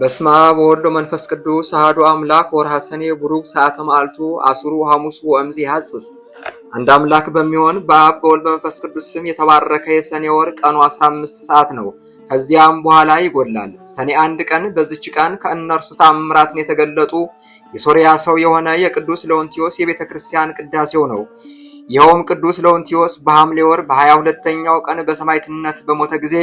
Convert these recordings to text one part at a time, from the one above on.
በስመ አብ ወወልድ ወመንፈስ ቅዱስ አሐዱ አምላክ ወርሃ ሰኔ ቡሩክ ሰዓተ መዓልቱ አስሩ ሐሙስ ወእምዝ ይሐጽጽ። አንድ አምላክ በሚሆን በአብ በወልድ በመንፈስ ቅዱስ ስም የተባረከ የሰኔ ወር ቀኑ 15 ሰዓት ነው። ከዚያም በኋላ ይጎላል። ሰኔ አንድ ቀን በዚች ቀን ከእነርሱ ታምራትን የተገለጡ የሶርያ ሰው የሆነ የቅዱስ ለውንቲዮስ የቤተ ክርስቲያን ቅዳሴው ነው። ይኸውም ቅዱስ ለውንቲዮስ በሐምሌ ወር 22 ሁለተኛው ቀን በሰማዕትነት በሞተ ጊዜ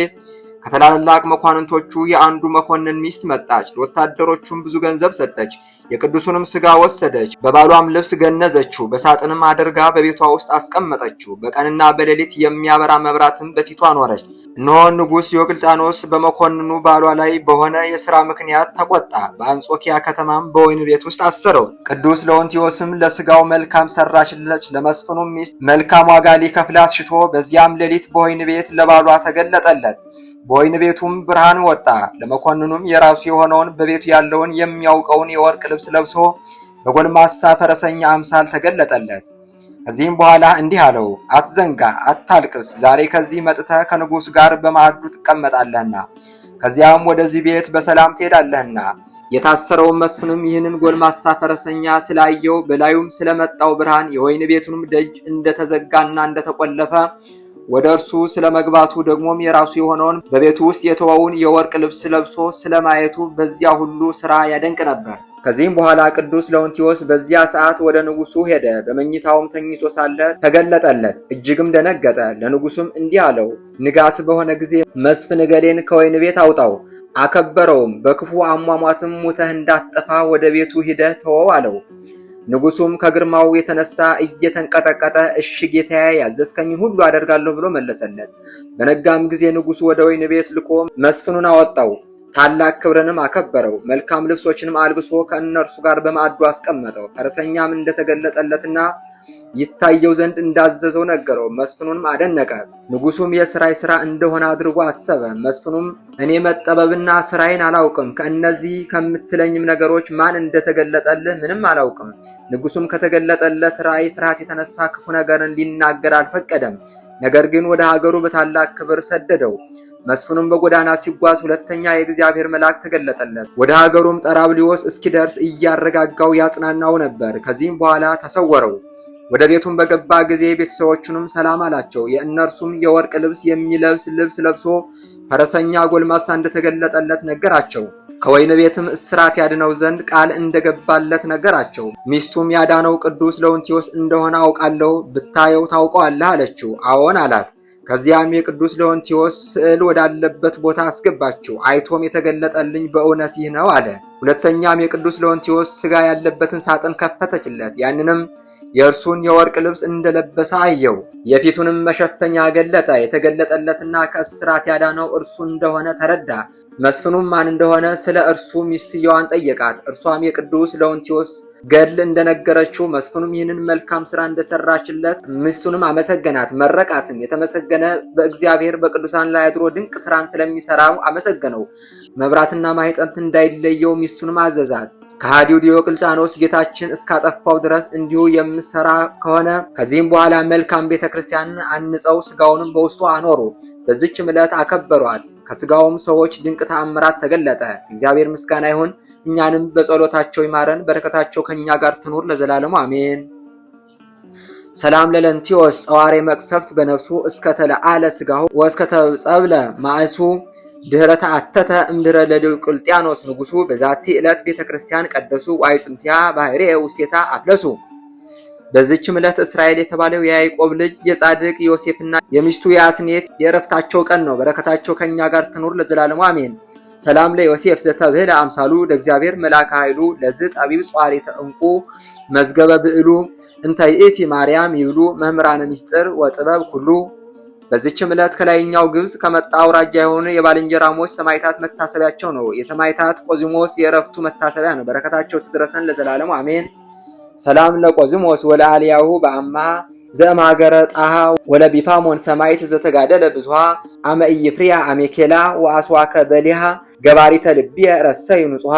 ከትላልቅ መኳንንቶቹ የአንዱ መኮንን ሚስት መጣች። ለወታደሮቹም ብዙ ገንዘብ ሰጠች። የቅዱሱንም ስጋ ወሰደች፣ በባሏም ልብስ ገነዘችው። በሳጥንም አድርጋ በቤቷ ውስጥ አስቀመጠችው። በቀንና በሌሊት የሚያበራ መብራትን በፊቷ አኖረች። ኖ ንጉስ ዲዮቅልጥያኖስ በመኮንኑ ባሏ ላይ በሆነ የሥራ ምክንያት ተቆጣ። በአንጾኪያ ከተማም በወይን ቤት ውስጥ አሰረው። ቅዱስ ለኦንቲዮስም ለስጋው መልካም ሰራችለች፣ ለመስፍኑ ሚስት መልካም ዋጋ ሊከፍል አስሽቶ በዚያም ሌሊት በወይን ቤት ለባሏ ተገለጠለት። በወይን ቤቱም ብርሃን ወጣ። ለመኮንኑም የራሱ የሆነውን በቤቱ ያለውን የሚያውቀውን የወርቅ ልብስ ለብሶ በጎልማሳ ፈረሰኛ አምሳል ተገለጠለት። ከዚህም በኋላ እንዲህ አለው፣ አትዘንጋ፣ አታልቅስ። ዛሬ ከዚህ መጥተህ ከንጉሥ ጋር በማዕዱ ትቀመጣለህና ከዚያም ወደዚህ ቤት በሰላም ትሄዳለህና። የታሰረውን መስፍንም ይህንን ጎልማሳ ፈረሰኛ ስላየው በላዩም ስለመጣው ብርሃን የወይን ቤቱንም ደጅ እንደተዘጋና እንደተቆለፈ ወደ እርሱ ስለ መግባቱ ደግሞም የራሱ የሆነውን በቤቱ ውስጥ የተወውን የወርቅ ልብስ ለብሶ ስለማየቱ በዚያ ሁሉ ሥራ ያደንቅ ነበር። ከዚህም በኋላ ቅዱስ ለውንቲዎስ በዚያ ሰዓት ወደ ንጉሱ ሄደ። በመኝታውም ተኝቶ ሳለ ተገለጠለት፣ እጅግም ደነገጠ። ለንጉሱም እንዲህ አለው፣ ንጋት በሆነ ጊዜ መስፍን እገሌን ከወይን ቤት አውጣው። አከበረውም። በክፉ አሟሟትም ሙተህ እንዳትጠፋ ወደ ቤቱ ሂደህ ተወው አለው። ንጉሱም ከግርማው የተነሳ እየተንቀጠቀጠ እሺ ጌታዬ፣ ያዘዝከኝ ሁሉ አደርጋለሁ ብሎ መለሰለት። በነጋም ጊዜ ንጉሱ ወደ ወይን ቤት ልኮ መስፍኑን አወጣው። ታላቅ ክብርንም አከበረው። መልካም ልብሶችንም አልብሶ ከእነርሱ ጋር በማዕዱ አስቀመጠው። ፈረሰኛም እንደተገለጠለትና ይታየው ዘንድ እንዳዘዘው ነገረው። መስፍኑንም አደነቀ። ንጉሱም የስራይ ስራ እንደሆነ አድርጎ አሰበ። መስፍኑም እኔ መጠበብና ስራይን አላውቅም፣ ከእነዚህ ከምትለኝም ነገሮች ማን እንደተገለጠልህ ምንም አላውቅም። ንጉሱም ከተገለጠለት ራእይ ፍርሃት የተነሳ ክፉ ነገርን ሊናገር አልፈቀደም። ነገር ግን ወደ ሀገሩ በታላቅ ክብር ሰደደው። መስፍኑም በጎዳና ሲጓዝ ሁለተኛ የእግዚአብሔር መልአክ ተገለጠለት። ወደ ሀገሩም ጠራብሊዎስ እስኪደርስ እያረጋጋው ያጽናናው ነበር። ከዚህም በኋላ ተሰወረው። ወደ ቤቱም በገባ ጊዜ ቤተሰዎቹንም ሰላም አላቸው። የእነርሱም የወርቅ ልብስ የሚለብስ ልብስ ለብሶ ፈረሰኛ ጎልማሳ እንደተገለጠለት ነገራቸው። ከወይን ቤትም እስራት ያድነው ዘንድ ቃል እንደገባለት ነገራቸው። ሚስቱም ያዳነው ቅዱስ ለውንቲዮስ እንደሆነ አውቃለሁ፣ ብታየው ታውቀዋለህ አለችው። አዎን አላት። ከዚያም የቅዱስ ለውንቲዮስ ስዕል ወዳለበት ቦታ አስገባችው። አይቶም የተገለጠልኝ በእውነት ይህ ነው አለ። ሁለተኛም የቅዱስ ለውንቲዮስ ስጋ ያለበትን ሳጥን ከፈተችለት። ያንንም የእርሱን የወርቅ ልብስ እንደለበሰ አየው። የፊቱንም መሸፈኛ ገለጠ። የተገለጠለትና ከእስራት ያዳነው እርሱ እንደሆነ ተረዳ። መስፍኑም ማን እንደሆነ ስለ እርሱ ሚስትየዋን ጠየቃት። እርሷም የቅዱስ ለውንቲዎስ ገድል እንደነገረችው መስፍኑም ይህንን መልካም ስራ እንደሰራችለት ሚስቱንም አመሰገናት፣ መረቃትም። የተመሰገነ በእግዚአብሔር በቅዱሳን ላይ አድሮ ድንቅ ስራን ስለሚሰራው አመሰገነው። መብራትና ማይጠንት እንዳይለየው ሚስቱንም አዘዛት። ከሃዲው ዲዮቅልጣኖስ ጌታችን እስካጠፋው ድረስ እንዲሁ የምሰራ ከሆነ ከዚህም በኋላ መልካም ቤተ ክርስቲያንን አንጸው ስጋውንም በውስጡ አኖሩ። በዚች ዕለት አከበሯል። ከስጋውም ሰዎች ድንቅ ተአምራት ተገለጠ። እግዚአብሔር ምስጋና ይሁን። እኛንም በጸሎታቸው ይማረን፣ በረከታቸው ከእኛ ጋር ትኑር ለዘላለሙ አሜን። ሰላም ለለንቲዮስ ጸዋሬ መቅሰፍት በነፍሱ እስከ ተለአለ ስጋሁ ወእስከ ተጸብለ ማእሱ ድህረ ተአተተ እምድረ ለዲዮቅልጥያኖስ ንጉሱ በዛቲ ዕለት ቤተ ክርስቲያን ቀደሱ ወአይጽምቲያ ባህርየ ውስቴታ አፍለሱ። በዚችም ዕለት እስራኤል የተባለው የያዕቆብ ልጅ የጻድቅ ዮሴፍና የሚስቱ የአስኔት የእረፍታቸው ቀን ነው። በረከታቸው ከእኛ ጋር ትኑር ለዘላለሙ አሜን። ሰላም ለዮሴፍ ዘተብህለ አምሳሉ ለእግዚአብሔር መልአከ ኃይሉ ለዝ ጠቢብ ጸዋሪ ተእንቁ መዝገበ ብዕሉ እንተ ማርያም ይብሉ መምህራነ ምስጢር ወጥበብ ኩሉ በዚችም ዕለት ከላይኛው ግብጽ ከመጣ አውራጃ የሆኑ የባልንጀራሞች ሰማይታት መታሰቢያቸው ነው። የሰማይታት ቆዚሞስ የእረፍቱ መታሰቢያ ነው። በረከታቸው ትድረሰን ለዘላለሙ አሜን። ሰላም ለቆዚሞስ ወለአልያሁ በአማ ዘማገረ ጣሃ ወለቢፋሞን ሰማይት ዘተጋደለ ብዙሃ አመ አሜኬላ ወአስዋከ በሊሃ ገባሪተ ልቢ ረሰ ንጹሃ።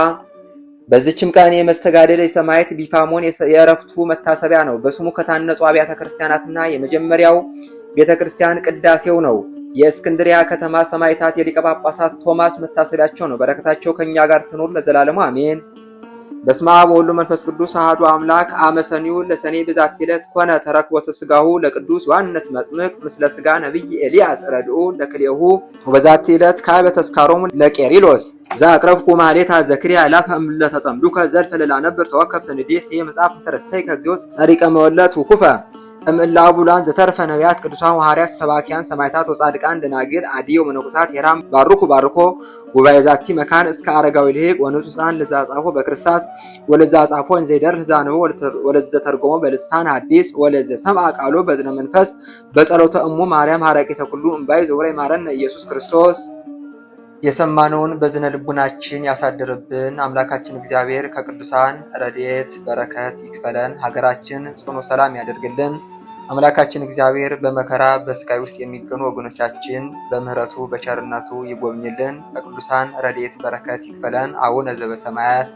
በዚችም ቀን የመስተጋደል ሰማይት ቢፋሞን የእረፍቱ መታሰቢያ ነው። በስሙ ከታነጹ አብያተ ክርስቲያናትና የመጀመሪያው ቤተ ክርስቲያን ቅዳሴው ነው። የእስክንድሪያ ከተማ ሰማዕታት የሊቀ ጳጳሳት ቶማስ መታሰቢያቸው ነው። በረከታቸው ከእኛ ጋር ትኖር ለዘላለሙ አሜን። በስመ አብ ወወልድ መንፈስ ቅዱስ አሐዱ አምላክ አመሰኒው ለሰኔ በዛቲ ዕለት ኮነ ተረክቦተ ሥጋሁ ለቅዱስ ዮሐንስ መጥምቅ ምስለ ሥጋ ነቢይ ኤልያስ ረድኡ ለክልኤሁ ወበዛቲ ዕለት ካበ ተስካሮሙ ለቄሪሎስ ዘአቅረብኩ ማሕሌታ ዘክርየ አእላፈ እምዕለ ተጸምዱከ ዘልፈ ለላነብር ተወከፍ ስንዴት ይህ መጽሐፍ እንተረሰይ ከእግዚኦ ጸሪቀ መወለት ውኩፈ እምእለ አቡላን ዘተርፈ ነቢያት ቅዱሳን ሐዋርያት ሰባኪያን ሰማዕታት ወጻድቃን ደናግል አዲዮ መነኮሳት የራም ባርኩ ባርኮ ጉባኤ ዛቲ መካን እስከ አረጋዊ ልሂቅ ወንጹሳን ለዛ ጻፎ በክርስታስ ወለዛ ጻፎ እንዘይደር ህዛነቦ ወለዘ ተርጎሞ በልሳን አዲስ ወለዘ ሰምዐ ቃሎ በዝነ መንፈስ በጸሎተ እሙ ማርያም ሐረቂተ ኩሉ እምባይ ዘውረ ይማረነ ኢየሱስ ክርስቶስ። የሰማነውን በዝነ ልቡናችን ያሳድርብን። አምላካችን እግዚአብሔር ከቅዱሳን ረድኤት በረከት ይክፈለን። ሀገራችን ጽኑ ሰላም ያደርግልን። አምላካችን እግዚአብሔር በመከራ በስቃይ ውስጥ የሚገኙ ወገኖቻችን በምህረቱ በቸርነቱ ይጎብኝልን። በቅዱሳን ረድኤት በረከት ይክፈለን። አቡነ ዘበሰማያት